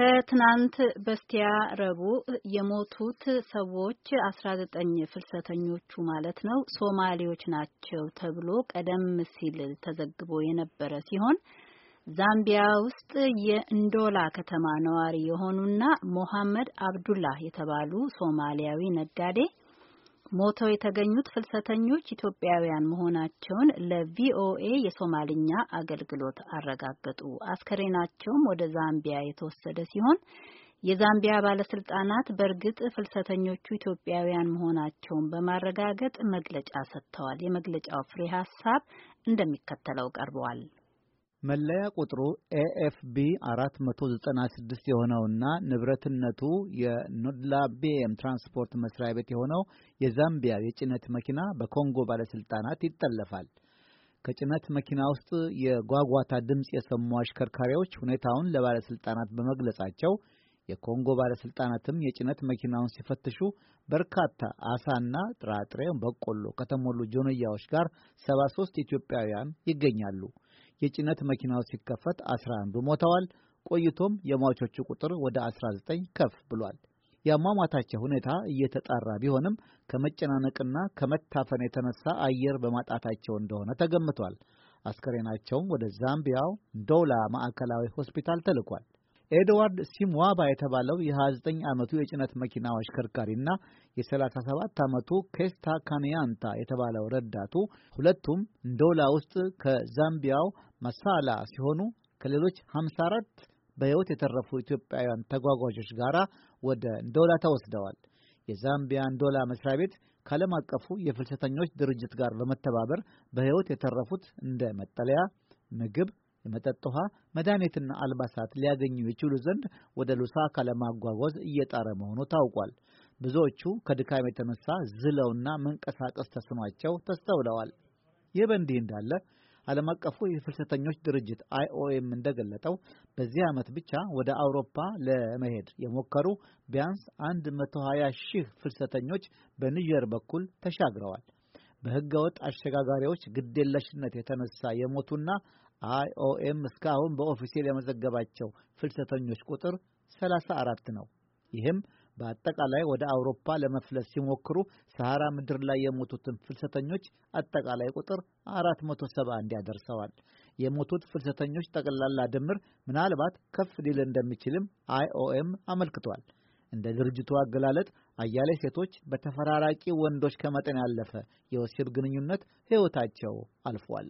ከትናንት በስቲያ ረቡዕ የሞቱት ሰዎች አስራ ዘጠኝ ፍልሰተኞቹ ማለት ነው ሶማሌዎች ናቸው ተብሎ ቀደም ሲል ተዘግቦ የነበረ ሲሆን ዛምቢያ ውስጥ የእንዶላ ከተማ ነዋሪ የሆኑና ሞሐመድ አብዱላህ የተባሉ ሶማሊያዊ ነጋዴ ሞተው የተገኙት ፍልሰተኞች ኢትዮጵያውያን መሆናቸውን ለቪኦኤ የሶማልኛ አገልግሎት አረጋገጡ። አስከሬናቸውም ወደ ዛምቢያ የተወሰደ ሲሆን የዛምቢያ ባለስልጣናት በእርግጥ ፍልሰተኞቹ ኢትዮጵያውያን መሆናቸውን በማረጋገጥ መግለጫ ሰጥተዋል። የመግለጫው ፍሬ ሀሳብ እንደሚከተለው ቀርበዋል። መለያ ቁጥሩ ኤኤፍቢ 496 የሆነውና ንብረትነቱ የኖድላ ቤኤም ትራንስፖርት መስሪያ ቤት የሆነው የዛምቢያ የጭነት መኪና በኮንጎ ባለስልጣናት ይጠለፋል። ከጭነት መኪና ውስጥ የጓጓታ ድምፅ የሰሙ አሽከርካሪዎች ሁኔታውን ለባለስልጣናት በመግለጻቸው የኮንጎ ባለስልጣናትም የጭነት መኪናውን ሲፈትሹ በርካታ አሳና ጥራጥሬ፣ በቆሎ ከተሞሉ ጆንያዎች ጋር 73 ኢትዮጵያውያን ይገኛሉ። የጭነት መኪናው ሲከፈት 11ዱ ሞተዋል። ቆይቶም የሟቾቹ ቁጥር ወደ 19 ከፍ ብሏል። የአሟሟታቸው ሁኔታ እየተጣራ ቢሆንም ከመጨናነቅና ከመታፈን የተነሳ አየር በማጣታቸው እንደሆነ ተገምቷል። አስከሬናቸውም ወደ ዛምቢያው ዶላ ማዕከላዊ ሆስፒታል ተልኳል። ኤድዋርድ ሲምዋባ የተባለው የ29 ዓመቱ የጭነት መኪናው አሽከርካሪና የ37 ዓመቱ ኬስታ ካንያንታ የተባለው ረዳቱ ሁለቱም ዶላ ውስጥ ከዛምቢያው መሳላ ሲሆኑ ከሌሎች 54 በሕይወት የተረፉ ኢትዮጵያውያን ተጓጓዦች ጋር ወደ እንዶላ ተወስደዋል። የዛምቢያ እንዶላ መስሪያ ቤት ከዓለም አቀፉ የፍልሰተኞች ድርጅት ጋር በመተባበር በሕይወት የተረፉት እንደ መጠለያ፣ ምግብ፣ የመጠጥ ውሃ፣ መድኃኒትና አልባሳት ሊያገኙ ይችሉ ዘንድ ወደ ሉሳካ ለማጓጓዝ እየጣረ መሆኑ ታውቋል። ብዙዎቹ ከድካም የተነሳ ዝለውና መንቀሳቀስ ተስኗቸው ተስተውለዋል። ይህ በእንዲህ እንዳለ ዓለም አቀፉ የፍልሰተኞች ድርጅት አይኦኤም እንደገለጠው በዚህ ዓመት ብቻ ወደ አውሮፓ ለመሄድ የሞከሩ ቢያንስ 120 ሺህ ፍልሰተኞች በኒጀር በኩል ተሻግረዋል። ወጥ አሸጋጋሪዎች ግዴለሽነት የተነሳ የሞቱና አይኦኤም እስካሁን በኦፊሴል የመዘገባቸው ፍልሰተኞች ቁጥር 34 ነው። ይህም በአጠቃላይ ወደ አውሮፓ ለመፍለስ ሲሞክሩ ሰሐራ ምድር ላይ የሞቱትን ፍልሰተኞች አጠቃላይ ቁጥር 471 ያደርሰዋል። የሞቱት ፍልሰተኞች ጠቅላላ ድምር ምናልባት ከፍ ሊል እንደሚችልም አይኦኤም አመልክቷል። እንደ ድርጅቱ አገላለጥ አያሌ ሴቶች በተፈራራቂ ወንዶች ከመጠን ያለፈ የወሲብ ግንኙነት ሕይወታቸው አልፏል።